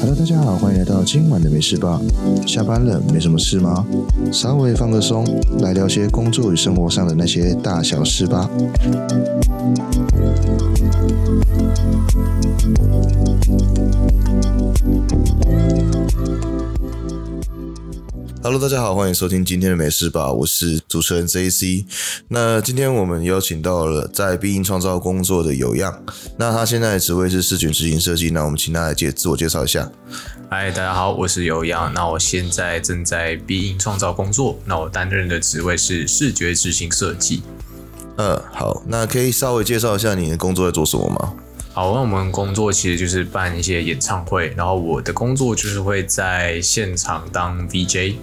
Hello，大家好，歡迎來到今晚的媒事吧。下班了，沒什麼事嗎？稍微放個鬆，來聊些工作與生活上的那些大小事吧。Hello，大家好，歡迎收聽今天的媒事吧，我是主持人 JC。那今天我們邀請到了在必應創造工作的有樣，那他現在的職位是視覺執行設計。那我們請他來介自我介紹一下。嗨，大家好，我是有樣，那我現在正在必應創造工作，那我擔任的職位是視覺執行設計。呃，好，那可以稍微介紹一下你的工作在做什麼嗎？好，那我們工作其實就是辦一些演唱會，然後我的工作就是會在現場當 VJ。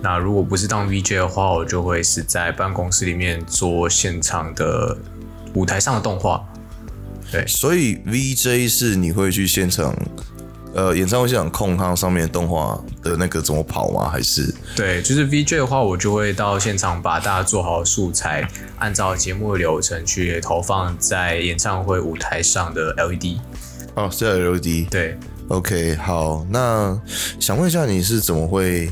那如果不是當 VJ 的話，我就會是在辦公室裡面做現場的舞台上的動畫。對，所以 VJ 是你會去現場。呃，演唱會現場控它上面動畫的那個怎麼跑嗎？還是對，就是 V J 的話，我就會到現場把大家做好素材，按照節目的流程去投放在演唱會舞台上的 L E D。哦，是 L E D。對，OK，好。那想問一下，你是怎麼會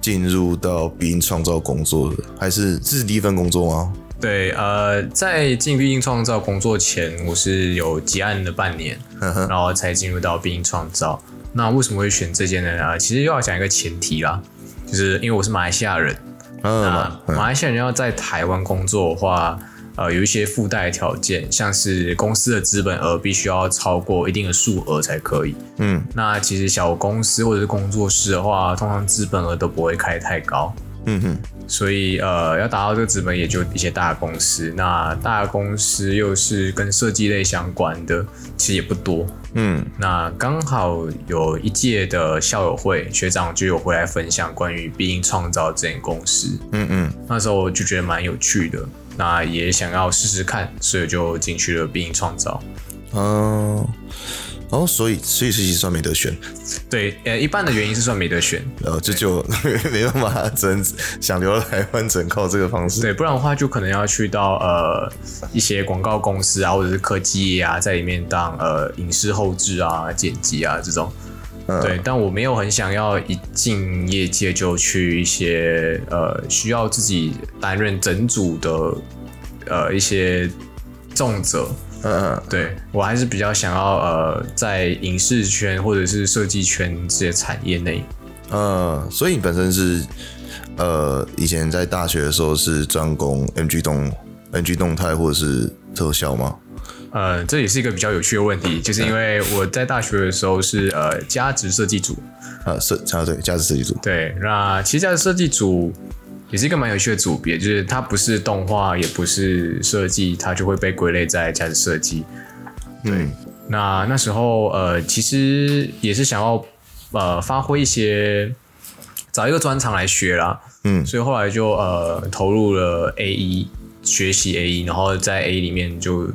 進入到影音創作工作的？還是這是第一份工作嗎？對，呃，在進必應創造工作前，我是有接案了半年，嗯，然後才進入到必應創造。那為什麼會選這間呢？啊，其實又要講一個前提啦，就是因為我是馬來西亞人，嗯、那、嗯、馬來西亞人要在台灣工作的話，呃，有一些附帶條件，像是公司的資本額必須要超過一定的數額才可以。嗯，那其實小公司或者是工作室的話，通常資本額都不會開太高。嗯哼，所以呃，要達到這個資本，也就一些大的公司。那大的公司又是跟設計類相關的，其實也不多。嗯，那剛好有一屆的校友會學長就有回來分享關於必應創造這間公司。嗯嗯，那時候我就覺得蠻有趣的，那也想要試試看，所以就進去了必應創造。嗯、哦。哦，所以所以所以算沒得選，對，呃，一半的原因是算沒得選，啊、然後就就沒辦法，只能想留來，台灣，靠這個方式，對，不然的話就可能要去到呃一些廣告公司啊，或者是科技啊，在裡面當呃影視後製啊、剪輯啊這種，對、嗯，但我沒有很想要一進業界就去一些呃需要自己擔任整組的呃一些重責。嗯嗯，對我還是比較想要呃，在影視圈或者是設計圈這些產業內。呃、嗯，所以你本身是呃，以前在大學的時候是專攻 MG 動 MG 動態或者是特效嗎？呃，這也是一個比較有趣的問題，就是因為我在大學的時候是呃，價值設計組。呃、設、嗯，啊，對價值設計組。對，那其實價值設計組也是一個蠻有趣的組別，就是它不是動畫，也不是設計，它就會被歸類在這樣設計。對，嗯、那那時候呃，其實也是想要呃發揮一些，找一個專長來學啦。嗯，所以後來就呃投入了 AE 學習 AE，然後在 AE 裡面就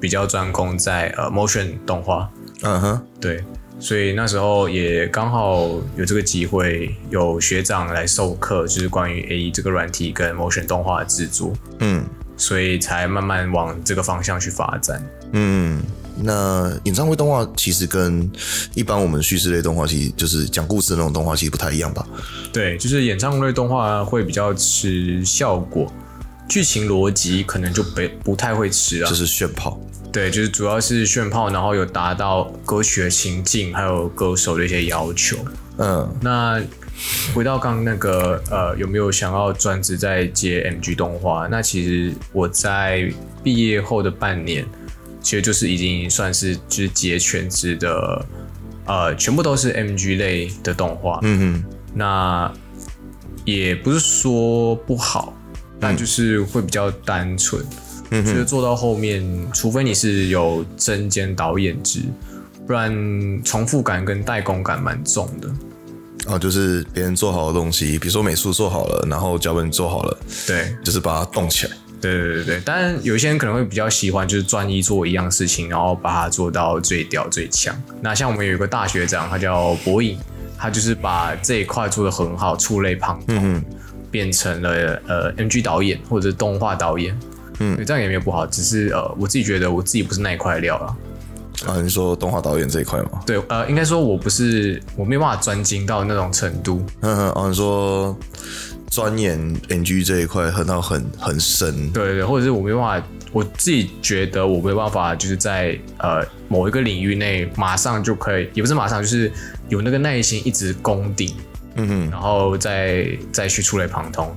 比較專攻在呃 motion 動畫。嗯哼，對。所以那時候也剛好有這個機會，有學長來授課，就是關於 A E 這個軟體跟 Motion 動畫的制作。嗯，所以才慢慢往這個方向去發展。嗯，那演唱會動畫其實跟一般我們敘事類動畫，其實就是講故事的那種動畫，其實不太一樣吧？對，就是演唱會動畫會比較吃效果，劇情邏輯可能就比不太會吃啊。就是炫炮。對，就是主要是炫炮，然後有達到歌曲的情境，還有歌手的一些要求。嗯、uh.，那回到剛剛那個，呃，有沒有想要專職在接 MG 動畫？那其實我在畢業後的半年，其實就是已經算是就是接全職的，呃，全部都是 MG 類的動畫。嗯嗯，那也不是說不好，但就是會比較單純。Mm-hmm. 就、嗯、是做到後面，除非你是有真兼導演職，不然重複感跟代工感蠻重的。哦，就是別人做好的東西，比如說美術做好了，然後腳本做好了，對，就是把它動起來。對對對對對。當然，有一些人可能會比較喜歡就是專一做一樣事情，然後把它做到最屌最強。那像我們有一個大學長，他叫博影，他就是把這一塊做得很好，觸類旁通、嗯，變成了呃 MG 導演或者動畫導演。嗯，這樣也沒有不好，只是呃，我自己覺得我自己不是那一塊料了。啊，你說動畫導演這一塊嗎？對，呃，應該說我不是，我沒辦法專精到那種程度。像、嗯啊、說專研 MG 這一塊很到很很深。對，對對，或者是我沒辦法，我自己覺得我沒辦法，就是在呃某一個領域內馬上就可以，也不是馬上，就是有那個耐心一直攻頂。嗯哼，然後再再去觸類旁通。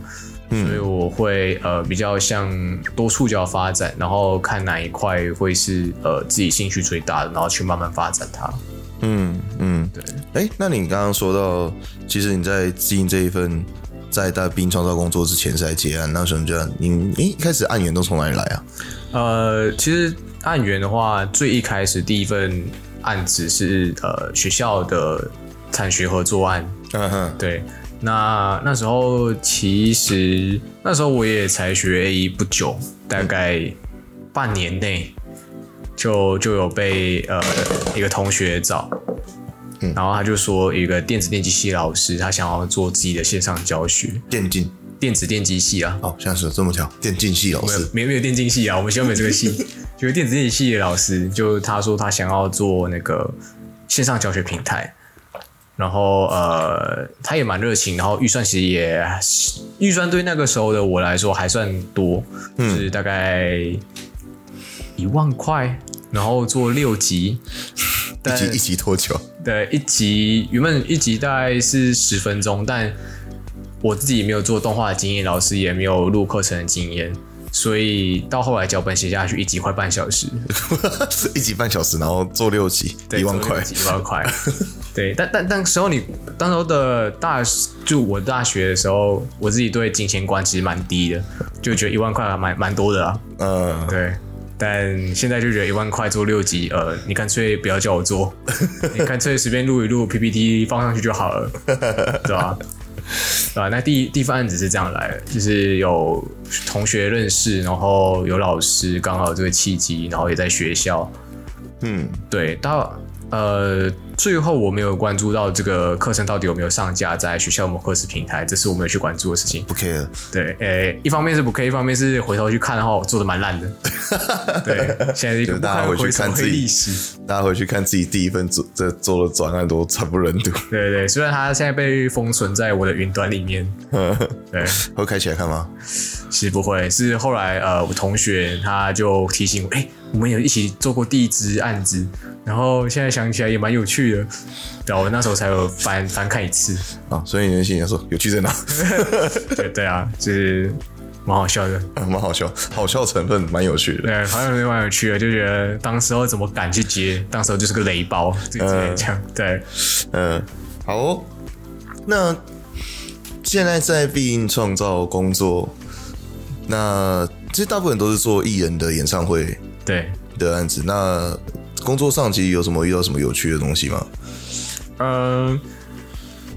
所以我會呃比較像多觸角發展，然後看哪一塊會是呃自己興趣最大的，然後去慢慢發展它。嗯嗯，對。哎、欸，那你剛剛說到，其實你在進這一份在大兵創造工作之前是在接案，那時候你覺得你，你一開始案源都從哪裡來啊？呃，其實案源的話，最一開始第一份案子是呃學校的產學合作案。嗯哼，對。那那時候其實，那時候我也才學 AE 不久，大概半年內就就有被呃一個同學找，嗯，然後他就說，一個電子電機系老師，他想要做自己的線上教學。電競電子電機系啊？哦，像是這麼講，電競系老師，沒有沒有電競系啊，我們學校沒這個系，就 是電子電機系的老師，就他說他想要做那個線上教學平台。然後呃，他也蠻熱情，然後預算其實也預算對那個時候的我來說還算多，嗯，就是大概一萬塊，然後做六集，一集。一集多久？對，一集原本一集大概是十分鐘，但我自己也沒有做動畫的經驗，老師也沒有錄課程的經驗。所以到後來，腳本寫下去一集快半小時，一集半小時，然後做六集，一萬塊，一萬塊，對。但但但時候你，當時候的大住，就我大學的時候，我自己對金錢觀其實蠻低的，就覺得一萬塊還蠻蠻多的啊。嗯，對。但現在就覺得一萬塊做六集，呃，你乾脆不要叫我做，你乾脆隨便錄一錄 PPT 放上去就好了，對吧，啊？啊，那第第一份案子是這樣來的，就是有同學認識，然後有老師剛好這個契機，然後也在學校，嗯，對，到。呃，最後我沒有關注到這個課程到底有沒有上架在學校某課時平台，這是我沒有去關注的事情。不可以對，呃、欸，一方面是不可以，一方面是回頭去看的話，我做的蠻爛的。 對，現在大家回，回去看自己，大家回去看自己第一份做這做的專案都慘不忍睹。對對，對雖然它現在被封存在我的雲端裡面， 對，會開起來看嗎？其實不會，是，是後來呃，我同學他就提醒我，哎、欸。我們有一起做過第一支案子，然後現在想起來也蠻有趣的。對、啊，我那時候才有翻翻看一次啊、哦。所以你心想說有趣在哪？ 對對啊，就是蠻好笑的、嗯，蠻好笑，好笑成分蠻有趣的。對，好像也蠻有趣的，就覺得當時候怎麼敢去接，當時候就是個雷包，這個演講、呃。對，嗯、呃，好、哦。那現在在必應創造工作，那其實大部分都是做藝人的演唱會。對的案子，那工作上級有什麼遇到什麼有趣的東西嗎？嗯、呃，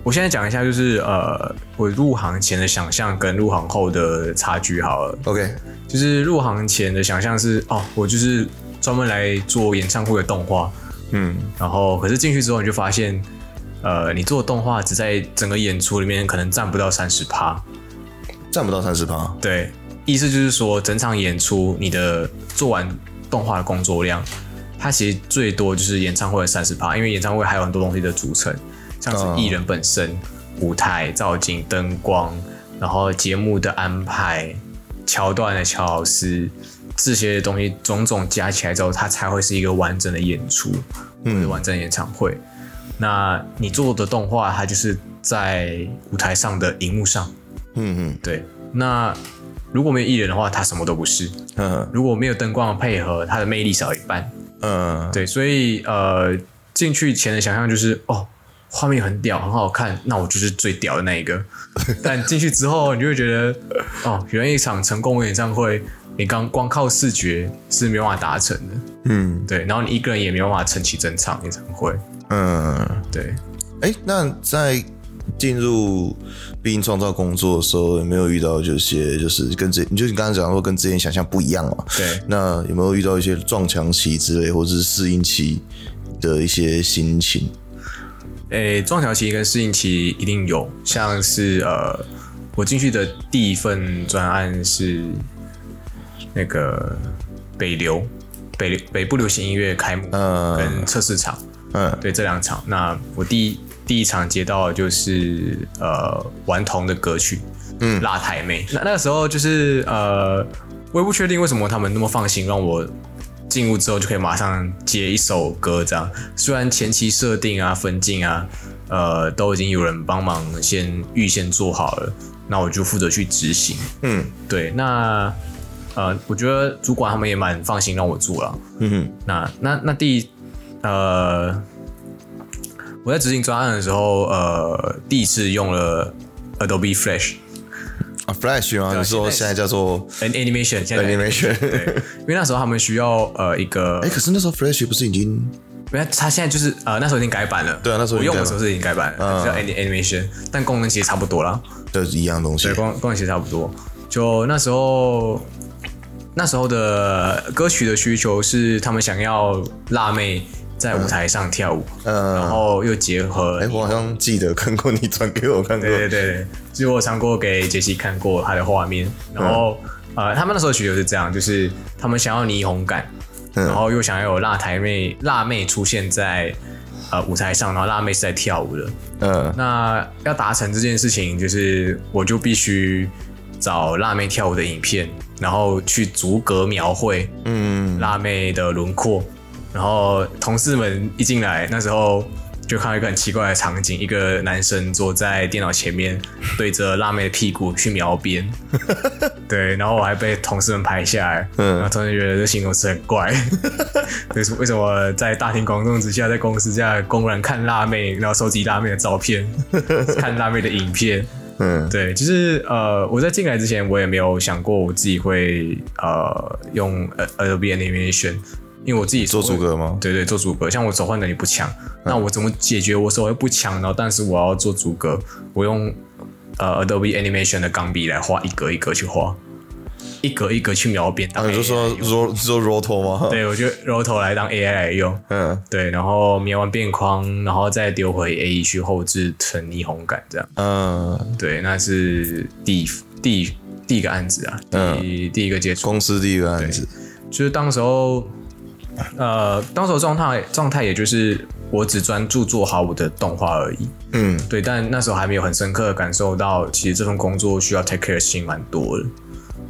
我現在講一下，就是呃，我入行前的想象跟入行後的差距好了。OK，就是入行前的想象是哦，我就是專門來做演唱會的動畫，嗯，然後可是進去之後你就發現，呃，你做動畫只在整個演出裡面可能占不到三十趴，占不到三十趴。對，意思就是說整場演出你的做完。動畫的工作量，它其實最多就是演唱會的三十趴，因為演唱會還有很多東西的組成，像是藝人本身、嗯、舞台、造景、燈光，然後節目的安排、橋段的橋老師，這些東西種種加起來之後，它才會是一個完整的演出。嗯，或者完整演唱會。那你做的動畫，它就是在舞台上的熒幕上，嗯嗯，對，那。如果沒有藝人的話，他什麼都不是。嗯、uh.，如果沒有燈光的配合，他的魅力少一半。嗯、uh.，對。所以呃，進去前的想象就是，哦，畫面很屌，很好看，那我就是最屌的那一個。 但進去之後，你就會覺得，哦，原來一場成功的演唱會，你剛光靠視覺是沒辦法達成的。嗯、um.，對。然後你一個人也沒辦法撐起整場演唱會。嗯、uh.，對。哎、欸，那在。進入病創造工作的時候，有沒有遇到這些就是跟這，你就你剛剛講說跟之前想象不一樣嘛？對。那有沒有遇到一些撞牆期之類，或者是適應期的一些心情？誒、欸，撞牆期跟適應期一定有，像是呃，我進去的第一份專案是那個北流北北部流行音樂開幕跟測試場，嗯，對這兩場、嗯，那我第一。第一場接到的就是呃頑童的歌曲，嗯，辣台妹。那那個時候就是呃，我也不確定為什麼他們那麼放心讓我進屋之後就可以馬上接一首歌這樣。雖然前期設定啊、分鏡啊，呃，都已經有人幫忙先預先做好了，那我就負責去執行。嗯，對。那呃，我覺得主管他們也蠻放心讓我做了。嗯哼。那那那第呃。我在執行專案的時候，呃，第一次用了 Adobe Flash。啊、Flash 嗎？你說現在叫做 An Animation，Animation 因為那時候他們需要呃一個、欸，可是那時候 Flash 不是已經，沒，他現在就是呃那時候已經改版了。對啊，那時候我用的時候是已經改版了，嗯、叫 An Animation，但功能其實差不多啦。對，一樣東西。對，功功能其實差不多。就那時候，那時候的歌曲的需求是他們想要辣妹。在舞台上跳舞，嗯，嗯然後又結合，哎、欸，我好像記得看過你轉給我看過，對對對，是我唱過給傑西看過他的畫面，然後、嗯，呃，他們那時候需求是這樣，就是他們想要霓虹感，嗯、然後又想要有辣台妹辣妹出現在、呃、舞台上，然後辣妹是在跳舞的，嗯，那要達成這件事情，就是我就必須找辣妹跳舞的影片，然後去逐格描繪，嗯，辣妹的輪廓。然後同事們一進來，那時候就看到一個很奇怪的場景：一個男生坐在電腦前面，對着辣妹的屁股去描邊。對，然後我還被同事們拍下來。嗯，同事們覺得這行為是很怪。為什麼在大庭廣眾之下，在公司這樣公然看辣妹，然後收集辣妹的照片，看辣妹的影片？嗯，對，就是呃，我在進來之前，我也沒有想過我自己會呃用呃 Adobe Animation 因為我自己做逐格嗎？對對，做逐格。像我手畫能力不強，嗯，那我怎麼解決？我手又不強呢？然後但是我要做逐格，我用呃 Adobe Animation 的鋼筆來畫一,一格一格去畫，一格一格去描邊。我、啊、就說，做做，做 Roto 嗎？ 對，我就 Roto 來當 AI 來用。嗯，對。然後描完邊框，然後再丟回 AE 去後製成霓虹感這樣。嗯，對，那是第第第一個案子啊，第、嗯、第一個接觸公司第一個案子，就是當時候。呃，當時狀態狀態也就是我只專注做好我的動畫而已。嗯，對，但那時候還沒有很深刻的感受到，其實這份工作需要 take care 的事情蠻多的。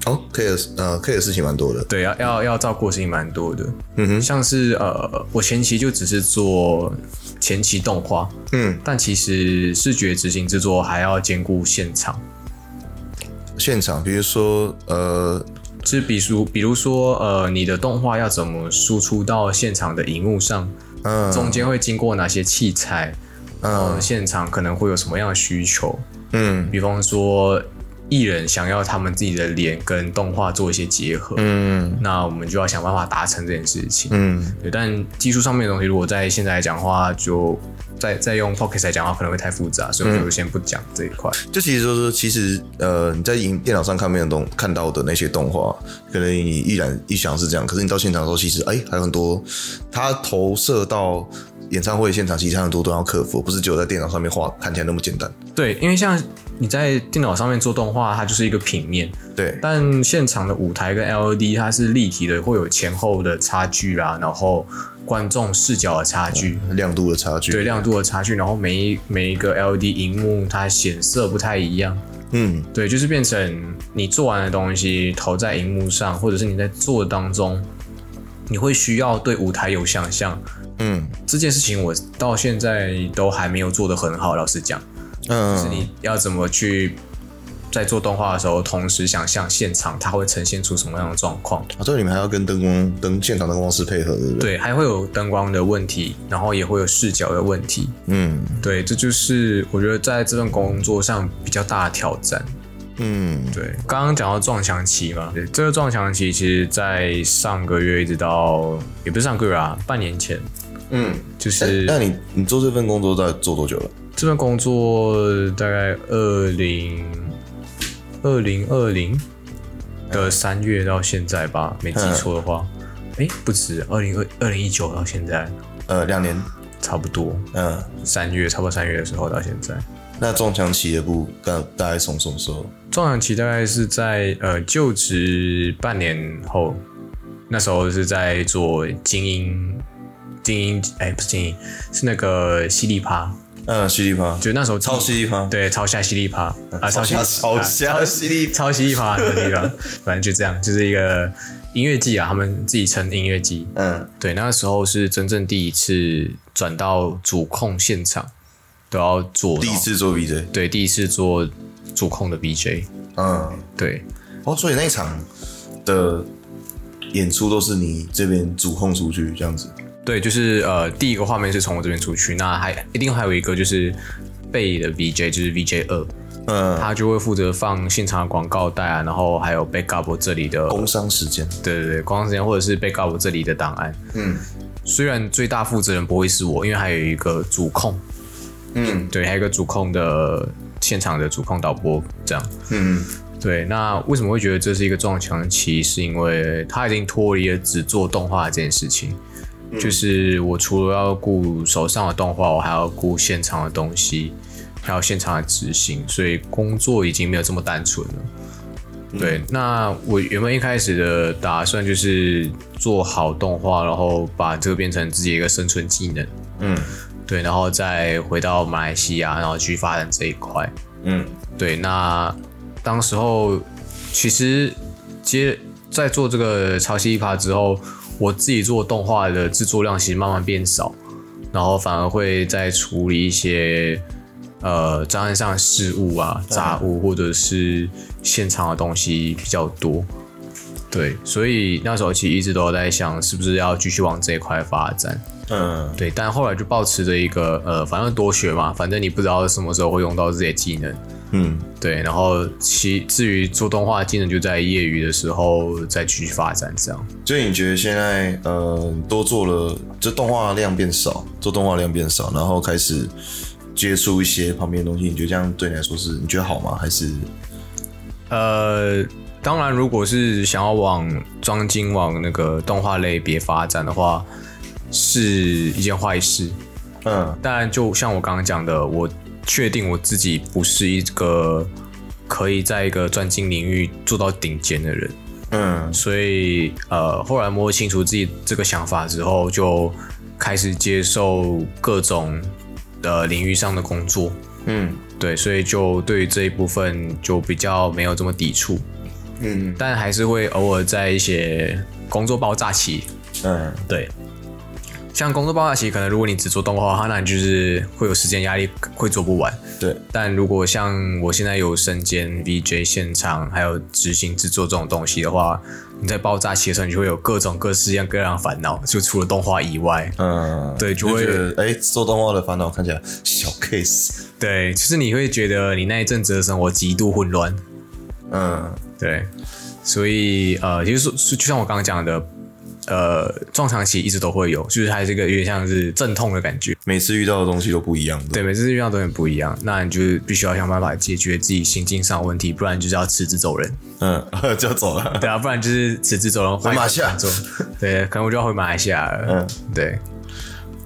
哦，care，呃，care 的事情蠻多的。對，要要要照顧的事情蠻多的。嗯哼，像是呃，我前期就只是做前期動畫，嗯，但其實視覺執行製作還要兼顧現場，現場，比如說呃。是，比如，比如說，呃，你的動畫要怎麼輸出到現場的熒幕上？嗯，中間會經過哪些器材？嗯，呃，現場可能會有什麼樣的需求？嗯，比方說。藝人想要他們自己的臉跟動畫做一些結合，嗯，那我們就要想辦法達成這件事情，嗯，對。但技術上面的東西，如果在現在來講的話，就再再用 Focus 來講的話，可能會太複雜，所以我們就先不講這一塊，嗯。就其實說說，其實呃，你在影電腦上看沒有動看到的那些動畫，可能你一然一想是這樣，可是你到現場的時候，其實哎、欸、還有很多，它投射到演唱會現場，其實還有很多都要克服，不是只有在電腦上面畫看起來那麼簡單。對，因為像。你在電腦上面做動畫，它就是一個平面。對。但現場的舞台跟 LED 它是立體的，會有前後的差距啦，然後觀眾視角的差距、嗯、亮度的差距。對、嗯，亮度的差距。然後每一每一個 LED 熒幕，它顯色不太一樣。嗯，對，就是變成你做完的東西投在熒幕上，或者是你在做的當中，你會需要對舞台有想象。嗯，這件事情我到現在都還沒有做得很好，老實講。嗯，就是你要怎麼去在做動畫的時候，同時想象現場它會呈現出什麼樣的狀況。啊，所以你們還要跟燈光、燈現場燈光師配合，對不對？對，還會有燈光的問題，然後也會有視角的問題。嗯，對，這就是我覺得在這份工作上比較大的挑戰。嗯，對，剛剛講到撞牆期嘛，對，這個撞牆期其實，在上個月一直到也不是上個月啊，半年前。嗯，就是，欸，那你你做這份工作在做多久了？這份工作大概二零二零二零的三月到現在吧，嗯、沒記錯的話，哎、嗯欸，不止二零二二零一九到現在，呃，兩年差不多，嗯，三月差不多三月的時候到現在。那撞牆期也不，大概從什麼時候？撞牆期大概是在呃就職半年後，那時候是在做精英，精英哎、欸、不是精英，是那個犀利趴。嗯，犀利趴，就那時候超犀利趴，對，超下犀利趴，嗯、啊，超下超下犀利，超犀利趴 的地方，反正就這樣，就是一個音樂季啊，他們自己稱音樂季。嗯，對，那時候是真正第一次轉到主控現場，都要做第一次做 VJ，對，第一次做主控的 VJ。嗯，對。哦，所以那場的演出都是你這邊主控出去這樣子。對，就是呃，第一個畫面是從我這邊出去，那還一定還有一個就是背的 VJ，就是 VJ 二，嗯，他就會負責放現場的廣告帶啊，然後還有 backup 這裡的工商時間，對對,對，工商時間或者是 backup 這裡的檔案，嗯，雖然最大負責人不會是我，因為還有一個主控，嗯，對，還有一個主控的現場的主控導播這樣，嗯,嗯，對，那為什麼會覺得這是一個撞牆期？其實是因為他已經脫離了只做動畫這件事情。嗯、就是我除了要顧手上的動畫，我還要顧現場的東西，還有現場的執行，所以工作已經沒有這麼單純了，嗯。對，那我原本一開始的打算就是做好動畫，然後把這個變成自己一個生存技能。嗯，對，然後再回到馬來西亞，然後去發展這一塊。嗯，對，那當時候其實接在做這個超犀利趴之後。我自己做動畫的制作量其實慢慢變少，然後反而會在處理一些呃檔案上的事務啊、雜物或者是現場的東西比較多。對，所以那時候其實一直都在想，是不是要繼續往這一塊發展？嗯，對。但後來就保持着一個呃，反正多學嘛，反正你不知道什麼時候會用到這些技能。嗯，對，然後其至於做動畫，技能就在業餘的時候再去發展，這樣。所以你覺得現在，嗯、呃，都做了，就動畫量變少，做動畫量變少，然後開始接觸一些旁邊的東西，你覺得這樣對你來說是你覺得好嗎？還是？呃，當然，如果是想要往裝精往那個動畫類別發展的話，是一件壞事。嗯，但就像我剛剛講的，我。確定我自己不是一個可以在一個專精領域做到頂尖的人，嗯，所以呃，後來摸清楚自己這個想法之後，就開始接受各種的領域上的工作，嗯，對，所以就對於這一部分就比較沒有這麼抵觸，嗯，但還是會偶爾在一些工作爆炸期，嗯，對。像工作爆炸期，可能如果你只做動畫的話，那你就是會有時間壓力，會做不完。對，但如果像我現在有身兼 VJ 現場，還有執行製作這種東西的話，你在爆炸期的時候，你就會有各種各式各樣各樣煩惱，就除了動畫以外，嗯，對，就會哎、欸，做動畫的煩惱看起來小 case。對，就是你會覺得你那一陣子的生活極度混亂。嗯，對，所以呃，就是說，就像我剛剛講的。呃，撞牆期一直都會有，就是還是一個有點像是陣痛的感覺。每次遇到的東西都不一樣的，對，每次遇到都很不一樣，那你就是必須要想辦法解決自己心境上的問題，不然你就是要辭職走人，嗯，就走了。 對啊，不然就是辭職走人，回馬來西亞，回馬來西亞 對，可能我就要回馬來西亞了。嗯，對。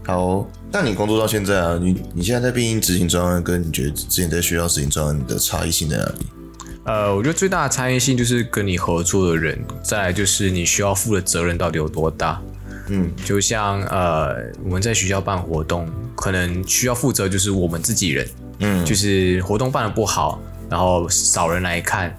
好哦，但你工作到現在啊，你你現在在必應執行專案，跟你覺得之前在學校執行專案的差異性在哪裡？呃，我覺得最大的差異性就是跟你合作的人，再來就是你需要負的責任到底有多大。嗯，就像呃我們在學校辦活動，可能需要負責就是我們自己人。嗯，就是活動辦得不好，然後少人來看，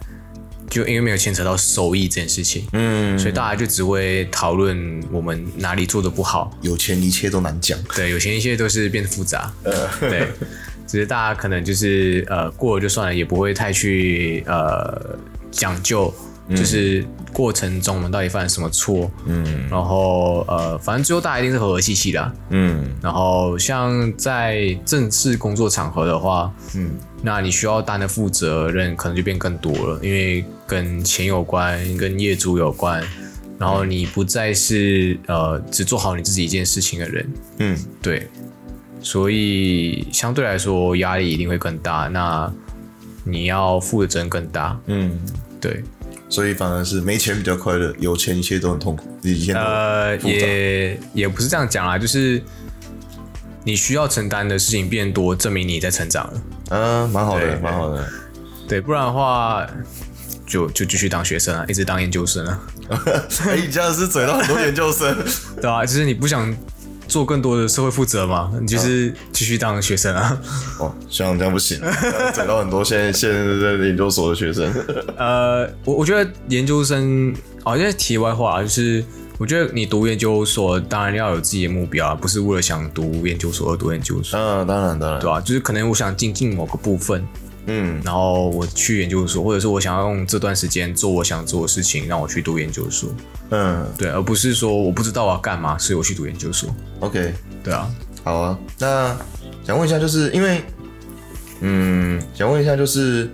就因為沒有牽扯到收益這件事情。嗯，所以大家就只會討論我們哪裡做得不好。有錢一切都難講。對，有錢一切都是變得複雜。呃，對。 其實大家可能就是呃過了就算了，也不會太去呃講究，就是過程中我們到底犯了什麼錯，嗯，然後呃反正最後大家一定是和和氣氣的啊，嗯，然後像在正式工作場合的話，嗯，那你需要擔的負責任可能就變更多了，因為跟錢有關，跟業主有關，然後你不再是呃只做好你自己一件事情的人，嗯，對。所以相對來說壓力一定會更大，那你要負的責任更大。嗯，對。所以反而是沒錢比較快樂，有錢一切都很痛苦，自己先都呃，也也不是這樣講啊，就是你需要承擔的事情變多，證明你在成長了。嗯、啊，蠻好的，蠻好的。對，不然的話就就繼續當學生啊，一直當研究生啊。以、 欸、你這樣是嘴到很多研究生， 對啊。就是你不想。做更多的社會負責嘛？你就是繼續當學生啊？啊哦，像這樣不行，找、 啊、到很多現在現在在研究所的學生。呃，我我覺得研究生，好像在題外話、啊、就是我覺得你讀研究所，當然要有自己的目標啊，不是為了想讀研究所而讀研究所。嗯，當然，當然，對啊，就是可能我想進進某個部分。嗯，然後我去研究所，或者是我想要用這段時間做我想做的事情，讓我去讀研究所。嗯，對，而不是說我不知道我要幹嘛，所以我去讀研究所。OK，對啊，好啊，那想問一下，就是因為，嗯，想問一下，就是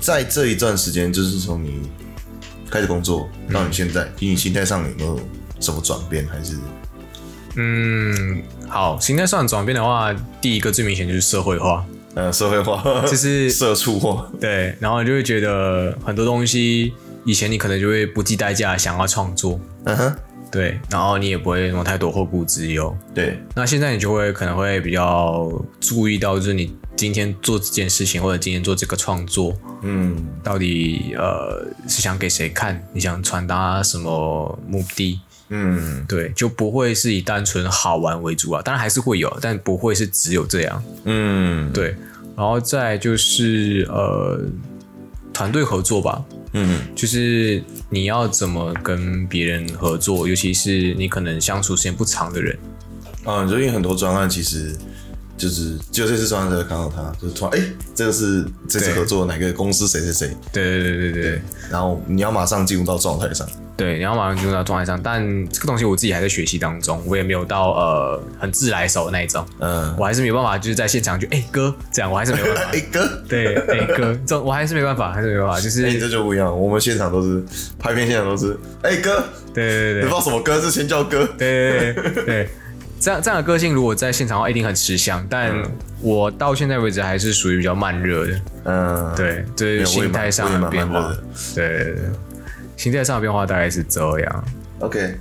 在這一段時間，就是從你開始工作到你現在，你、嗯、你心態上有沒有什麼轉變？還是，嗯，好，心態上轉變的話，第一個最明顯就是社會化。呃、嗯，社會化就是社畜化，對，然後你就會覺得很多東西以前你可能就會不計代價想要創作，嗯、uh-huh.，對，然後你也不會什麼太多後顧之憂，對。那現在你就會可能會比較注意到，就是你今天做這件事情或者今天做這個創作，嗯，嗯，到底呃是想給誰看？你想傳達什麼目的？嗯，對，就不會是以單純好玩為主啊，當然還是會有，但不會是只有這樣。嗯，對，然後再就是呃，團隊合作吧。嗯，就是你要怎麼跟別人合作，尤其是你可能相處時間不長的人。嗯，所以很多專案其實。就是就這次突然就看到他，就是突然哎、欸，這個是這次合作哪個公司誰誰誰，對對對對對。然後你要馬上進入到狀態上，對，你要馬上進入到狀態上。但這個東西我自己還在學習當中，我也沒有到呃很自來熟那一種，嗯，我還是沒有辦法，就是在現場就哎、欸、哥這樣，我還是沒辦法，哎、欸、哥，對，哎、欸、哥，這我還是沒辦法，還是沒辦法。就是、欸、這就不一樣，我們現場都是拍片現場都是哎、欸、哥，對對對，對，你放什麼歌是先叫哥，對對對，對。對 這樣這樣的個性，如果在現場的話，一定很吃香。但我到現在為止還是屬於比較慢熱的。嗯，對，就是、滿滿對，對，對，對，心態上的變化，對，心態上的變化大概是這樣。OK，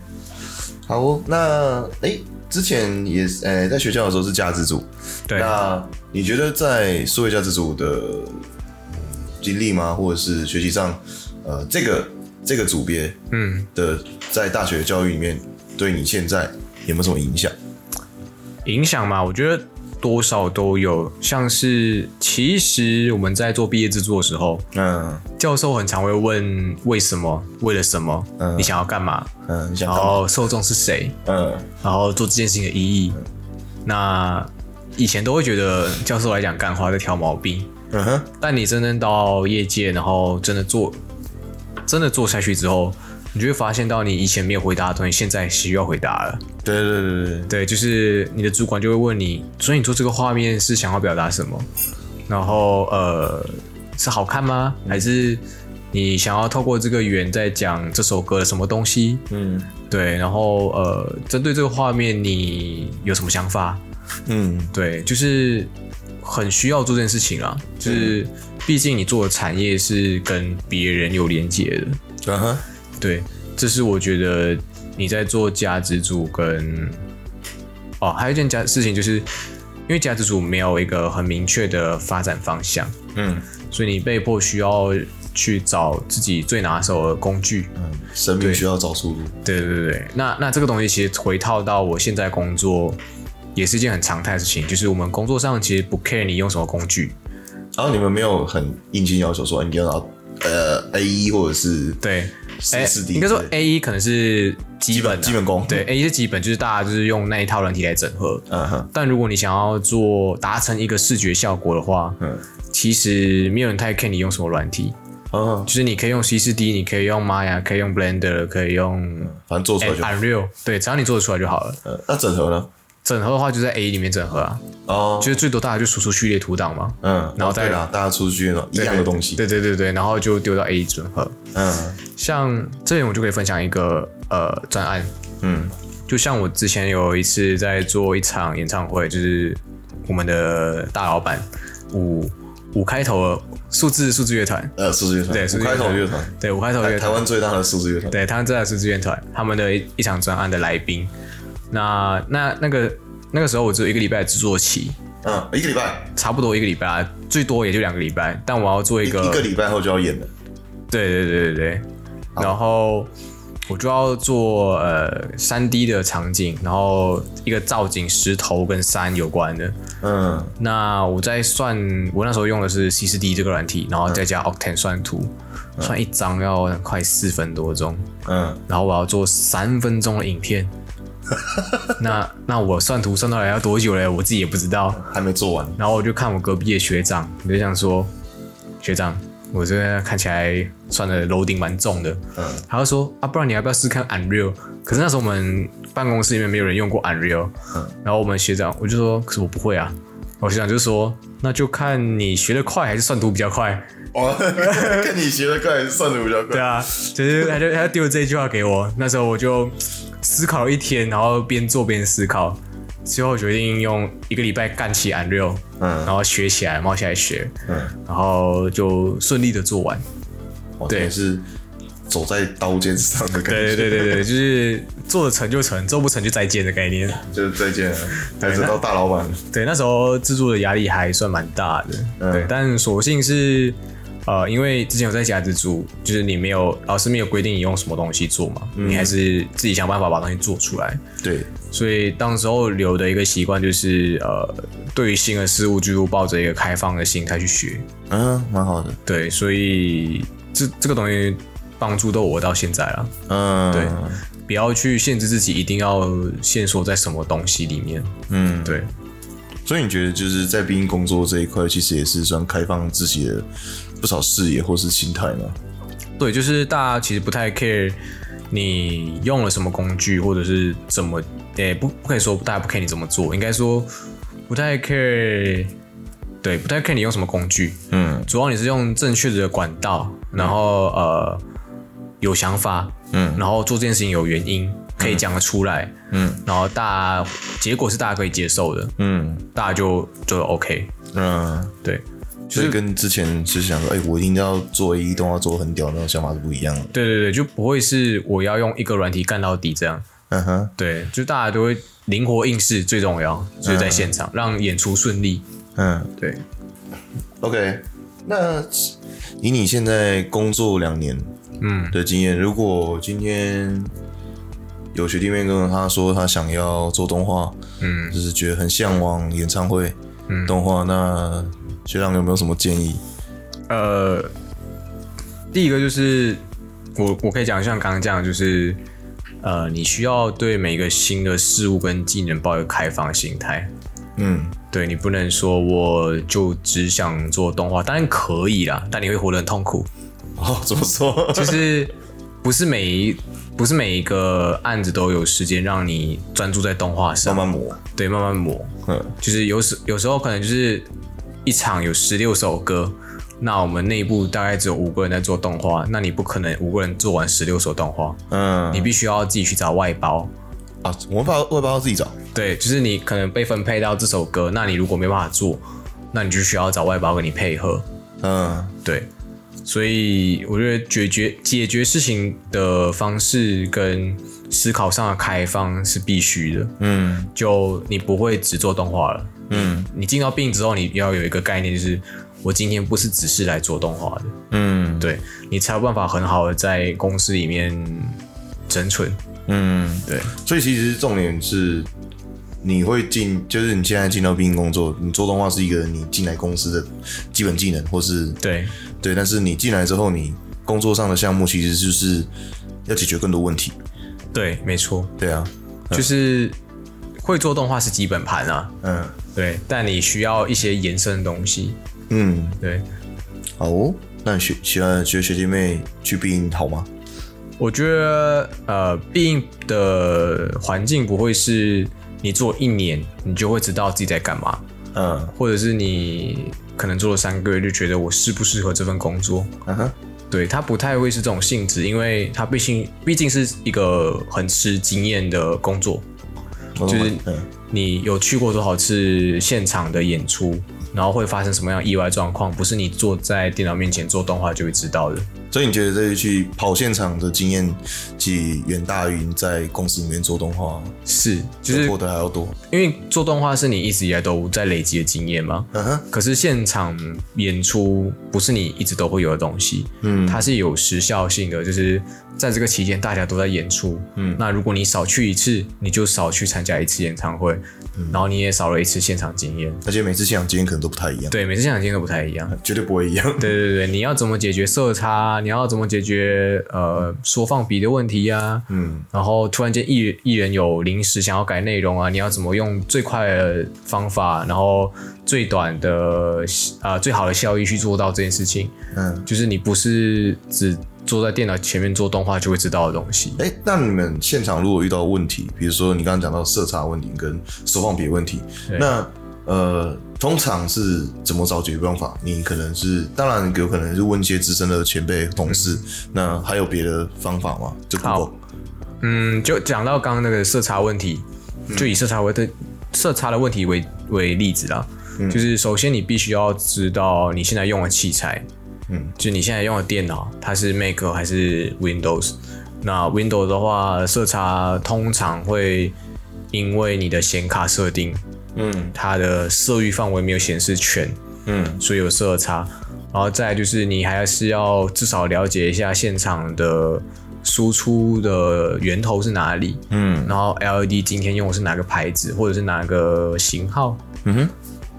好、哦，那哎、欸，之前也是、欸、在學校的時候是家子組，對，那你覺得在數位家子組的經歷嗎？或者是學習上，呃，這個這個組別，嗯，的在大學的教育裡面，對你現在有沒有什麼影響？影響嘛，我覺得多少都有。像是其實我們在做畢業制作的時候，嗯，教授很常會問為什麼，為了什麼，嗯，你想要幹嘛，嗯，想嘛，然後受眾是誰，嗯，然後做這件事情的意義。嗯，那以前都會覺得教授來講幹話、在挑毛病，嗯哼。但你真正到業界，然後真的做，真的做下去之後，你就會發現到你以前沒有回答的東西，現在需要回答了。對對對對對，就是你的主管，就會問你，所以你做這個畫面是想要表達什麼？然後呃，是好看嗎、嗯？還是你想要透過這個圓在講這首歌的什麼東西？嗯，對。然後呃，針對這個畫面，你有什麼想法？嗯，對，就是很需要做這件事情啊，就是畢竟你做的產業是跟別人有連接的。嗯哼，對，這是我覺得。你在做家之主跟哦，還有一件家事情，就是因為家之主沒有一個很明確的發展方向，嗯，所以你被迫需要去找自己最拿手的工具，嗯，生命需要找速度，對對對,對那那這個東西其實回套到我現在工作也是一件很常態的事情，就是我們工作上其實不 care 你用什麼工具，然、啊、後你們沒有很硬性要求說你要拿呃 AE 或者是對。C4D、欸，應該說 AE 可能是基本、啊、基本功。對，AE 是基本，就是大家就是用那一套軟體來整合。嗯哼。但如果你想要做達成一個視覺效果的話，嗯，其實沒有人太看你用什麼軟體。嗯，就是你可以用 C4D，你可以用 Maya，可以用 Blender，可以用，反正做出來就。Unreal。對，只要你做得出來就好了。那整合呢？整合的話就在 A 裡面整合啊，哦、oh，就是最多大家就輸出序列圖檔嘛，嗯，然後再、哦、大家輸出序列一樣的東西，對對對對，然後就丟到 A 一整合，嗯，像這裡我就可以分享一個呃專案，嗯，就像我之前有一次在做一場演唱會，就是我們的大老板五五開頭的數字數字樂團，呃數字樂團，對，數字樂團，對五開頭樂團，對五開頭樂團，台灣最大的數字樂團，對台灣最大的數字樂團，他們的一一場專案的來賓。那那那個那個時候，我只有一個禮拜制作期，嗯，一個禮拜，差不多一個禮拜，最多也就兩個禮拜。但我要做一個一,一個禮拜後就要演的，對對對對對。然後我就要做呃三 D 的場景，然後一個造景石頭跟山有關的，嗯。那我在算，我那時候用的是 C4D 這個軟體，然後再加 Octane 算圖，嗯，算一張要快四分多鐘，嗯。然後我要做三分鐘的影片。 那那我算圖算到要多久嘞？我自己也不知道，還沒做完。然後我就看我隔壁的學長，我就想說，學長，我這邊看起來算的 loading 蠻重的。嗯，他就說啊，不然你要不要試，試看 Unreal？可是那時候我們辦公室裡面沒有人用過 Unreal。嗯，然後我們學長我就說，可是我不會啊。我學長就說，那就看你學得快還是算圖比較快。哦， 看你學得快還是算圖比較快。 對啊，就是他就他就丟了這句話給我，那時候我就。思考了一天，然後邊做邊思考，最後決定用一個禮拜幹起 Unreal，嗯，然後學起來，冒起來學，嗯，然後就順利的做完。嗯、對，哦、是走在刀尖上的感覺。對對對，對就是做得成就成，做不成就再見的概念。就是再見了，才 知到大老板。對，那時候製作的壓力還算蠻大的，嗯，對但索性是。呃，因為之前有在家，子住，就是你沒有老師沒有規定你用什麼東西做嘛、嗯，你還是自己想辦法把東西做出來。對，所以當時候留的一個習慣就是，呃，對於新的事物，就抱着一個開放的心態去學。嗯，蠻好的。對，所以這這個東西幫助到我到現在了。嗯，對，不要去限制自己，一定要限縮在什麼東西裡面。嗯，對。所以你覺得就是在兵工作這一塊，其實也是算開放自己的。不少視野或是心態嗎？對，就是大家其實不太 care 你用了什麼工具，或者是怎麼誒、欸、不不可以說大家不 care 你怎麼做，應該說不太 care，對，不太 care 你用什麼工具，嗯，主要你是用正確的管道，然後、嗯、呃有想法，嗯，然後做這件事情有原因可以講得出來，嗯，嗯然後大家結果是大家可以接受的，嗯，大家就就 OK，嗯，對。所以跟之前是想說，哎、欸，我一定要做一動畫做得很屌那種想法是不一樣的。對對對，就不會是我要用一個軟體幹到底這樣。嗯哼，對，就大家都會靈活應試最重要，就以、是、在現場、嗯、讓演出順利。嗯，對。OK，那以你現在工作兩年嗯的經驗、嗯，如果今天有學弟妹跟他說他想要做動畫，嗯，就是覺得很向往演唱會，嗯，動畫那。學長你有沒有什麼建議？呃，第一個就是我我可以講像剛剛這樣，就是呃，你需要對每個新的事物跟技能抱有開放心態。嗯，對，你不能說我就只想做動畫，當然可以啦，但你會活得很痛苦。哦，怎麼說？ 就是不是每一不是每一個案子都有時間讓你專注在動畫上，慢慢磨。對，慢慢磨。嗯，就是有時有時候可能就是。一場有十六首歌，那我們內部大概只有五個人在做動畫，那你不可能五個人做完十六首動畫，嗯，你必須要自己去找外包，啊，我們把外包自己找，對，就是你可能被分配到這首歌，那你如果沒辦法做，那你就需要找外包跟你配合，嗯，對，所以我覺得解決解決事情的方式跟思考上的開放是必須的，嗯，就你不會只做動畫了。嗯，你進到病之後，你要有一個概念，就是我今天不是只是來做動畫的。嗯，對，你才有辦法很好的在公司裡面生存。嗯，對，所以其實重點是，你會進，就是你現在進到病工作，你做動畫是一個你進來公司的基本技能，或是對對，但是你進來之後，你工作上的項目其實就是要解決更多問題。對，沒錯。對啊，就是。嗯會做動畫是基本盤啊，嗯，對，但你需要一些延伸的東西，嗯，對。哦、oh?，那你學喜歡學學弟妹去配音好嗎？我覺得呃，配音的環境不會是你做一年你就會知道自己在幹嘛，嗯，或者是你可能做了三個月就覺得我適不適合這份工作，嗯、uh、哼 -huh，對他不太會是這種性質，因為他畢竟畢竟是一個很吃經驗的工作。就是你有去過多少次現場的演出，然後會發生什麼樣的意外狀況，不是你坐在電腦面前做動畫就會知道的。所以你覺得這一去跑現場的經驗，比遠大於你在公司裡面做動畫是，就是獲得還要多。因為做動畫是你一直以來都在累積的經驗嘛。嗯哼。可是現場演出不是你一直都會有的東西，嗯，它是有時效性的。就是在這個期間大家都在演出，嗯，那如果你少去一次，你就少去參加一次演唱會，嗯，然後你也少了一次現場經驗。而且每次現場經驗可能都不太一樣。對，每次現場經驗都不太一樣，絕對不會一樣。對對對，你要怎麼解決色差？你要怎麼解決呃縮放比的問題呀、啊？嗯，然後突然間藝人，藝人有臨時想要改內容啊，你要怎麼用最快的方法，然後最短的啊、呃、最好的效益去做到這件事情？嗯，就是你不是只坐在電腦前面做動畫就會知道的東西。哎、欸，那你們現場如果遇到問題，比如說你剛剛講到色差問題跟縮放比問題，那呃。嗯通常是怎麼找解決方法？你可能是當然有可能是問一些資深的前輩同事。那還有別的方法嗎？就、Google 好，嗯，就講到剛剛那個色差問題，嗯、就以色差為對色差的問題為為例子啦、嗯。就是首先你必須要知道你現在用的器材，嗯，就你現在用的電腦它是 Mac 還是 Windows。那 Windows 的話，色差通常會因為你的顯卡設定。嗯，它的色域範圍沒有顯示全，嗯，所以有色差。然後再來就是，你還是要至少了解一下現場的輸出的源頭是哪裡，嗯，然後 LED 今天用的是哪個牌子或者是哪個型號，嗯哼，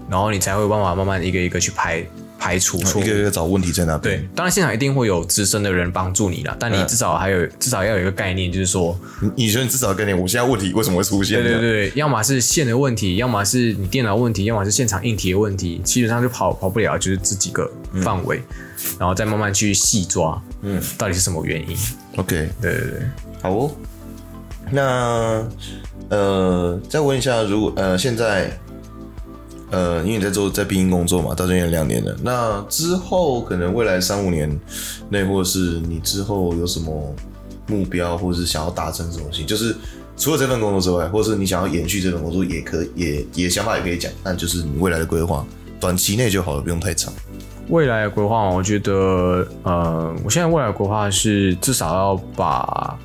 然後你才會有辦法慢慢一個一個去拍。排除出、哦、一個一個找問題在哪邊。對，當然現場一定會有資深的人幫助你了，但你至少還有、嗯、至少要有一個概念，就是說，你說你,你至少概念，我現在問題為什麼會出現？對對,對要麼是線的問題，要麼是你電腦問題，要麼是現場硬體的問題，基本上就跑跑不了，就是這幾個範圍、嗯，然後再慢慢去細抓，嗯，到底是什麼原因？OK，對對對，好哦。那呃，再問一下，如果呃現在。呃、嗯，因為你在做在兵營工作嘛，大兵也兩年了。那之後可能未來三五年內，或是你之後有什麼目標，或是想要達成什麼東西，就是除了這份工作之外，或者是你想要延續這份工作也可以，也可也也想法也可以講。但就是你未來的規劃，短期內就好了，不用太長。未來的規劃，我覺得呃，我現在未來的規劃是至少要把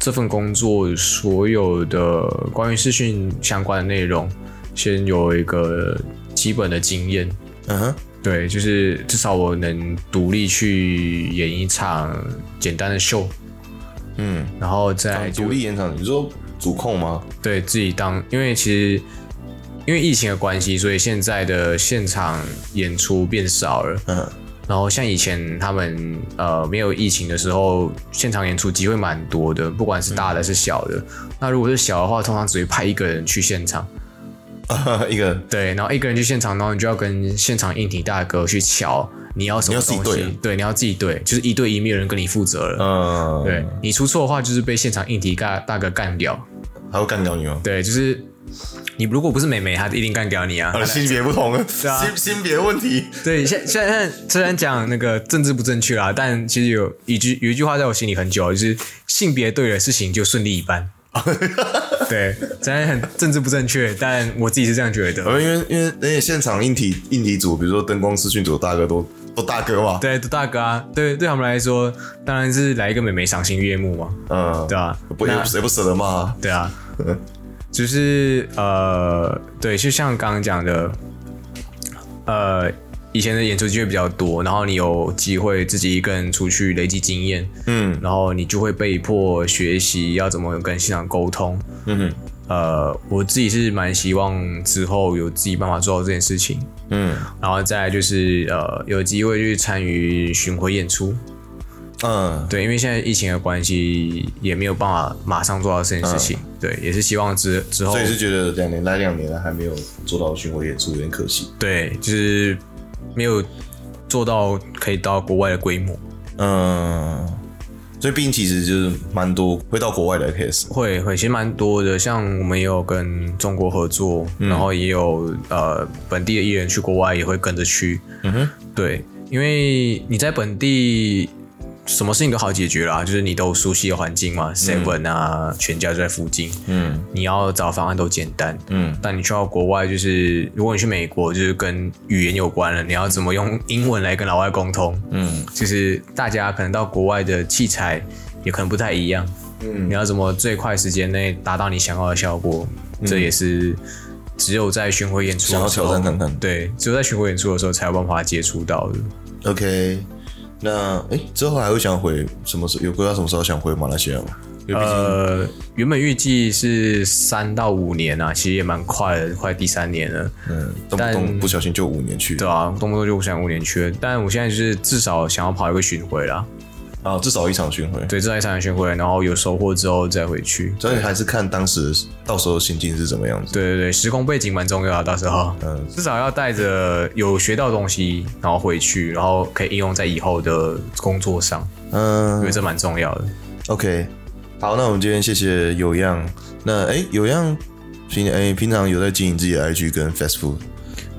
這份工作所有的關於視訊相關的內容。先有一個基本的經驗，嗯哼，對，就是至少我能獨立去演一場簡單的秀，嗯、uh -huh.，然後再獨立演場，你說主控嗎？對，自己當，因為其實因為疫情的關係，所以現在的現場演出變少了，嗯、uh -huh.，然後像以前他們呃沒有疫情的時候，現場演出機會蠻多的，不管是大的是小的，uh -huh. 那如果是小的話，通常只會派一個人去現場。啊、uh,，一個人對，然後一個人去現場，然後你就要跟現場硬體大哥去喬，你要什麼東西對，對，你要自己對，就是一對一沒有人跟你負責了，嗯、uh.，對，你出錯的話就是被現場硬體大大哥幹掉，他會幹掉你嗎？對，就是你如果不是美眉，他一定幹掉你啊，啊性別不同，啊，性性別問題， 對，現現在雖然講那個政治不正確啦，但其實有一句有一句話在我心裡很久，就是性別對了，事情就順利一半。 對，雖然很政治不正確，但我自己是這樣覺得。因為因為人家現場硬體硬體組，比如說燈光視訊組的大哥都都大哥嘛，對，都大哥啊，對對他們來說，當然是來一個美眉賞心悅目嘛，嗯，對啊，不也不舍得嘛、啊，對啊，就是呃，對，就像剛剛講的，呃。以前的演出機會比較多，然後你有機會自己一個人出去累積經驗，嗯，然後你就會被迫學習要怎麼跟現場溝通，嗯哼，呃，我自己是蠻希望之後有自己辦法做到這件事情，嗯，然後再來就是呃有機會去參與巡迴演出，嗯，對，因為現在疫情的關係，也沒有辦法馬上做到這件事情，嗯，對，也是希望之之後，所以是覺得兩年來兩年了還沒有做到巡迴演出有點可惜，對，就是。沒有做到可以到國外的規模，嗯，所以畢竟其實就是蠻多會到國外的 case 會會其實蠻多的，像我們也有跟中國合作，嗯、然後也有呃本地的藝人去國外也會跟着去，嗯哼，對，因為你在本地。什麼事情都好解決啦，就是你都有熟悉的環境嘛，Seven 啊、嗯，全家就在附近，嗯，你要找方案都簡單，嗯，但你去到國外，就是如果你去美國，就是跟語言有關了，你要怎麼用英文來跟老外溝通，嗯，就是大家可能到國外的器材也可能不太一樣，嗯，你要怎麼最快時間內達到你想要的效果，嗯、這也是只有在巡迴演出的時候，想要挑戰看看。對，只有在巡迴演出的時候才有辦法接觸到的，OK。那哎、欸，之後還會想回什麼時候有規劃？什麼時候想回馬來西亞嗎？呃，原本預計是三到五年啊，其實也蠻快的，快第三年了。嗯，動不動但不小心就五年去，對啊，動不動就我想五年去，但我現在就是至少想要跑一個巡迴啦。啊、哦，至少一場巡迴，對，至少一場巡迴，然後有收穫之後再回去，所以還是看當時、嗯、到時候心境是怎麼樣子。對對對，時空背景蠻重要啊，到時候，嗯，至少要帶着有學到東西，然後回去，然後可以應用在以後的工作上，嗯，因為這蠻重要的。OK，好，那我們今天謝謝有樣，那哎、欸，有樣平哎、欸、平常有在經營自己的 IG 跟 Facebook，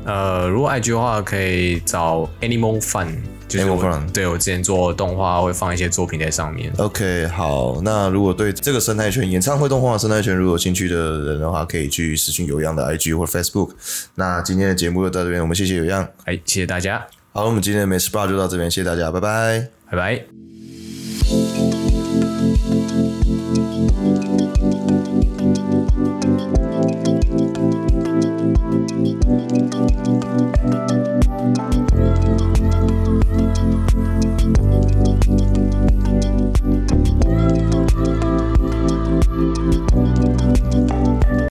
呃，如果 IG 的話可以找 Animal Fun。就放、是我，對，我之前做動畫會放一些作品在上面。OK，好，那如果對這個生態圈、演唱會、動畫的生態圈如果有興趣的人的話，可以去私訊有樣的 IG 或 Facebook。那今天的節目就到這邊，我們謝謝有樣，哎，謝謝大家。好，我們今天的媒事吧就到這邊，謝謝大家，拜拜，拜拜。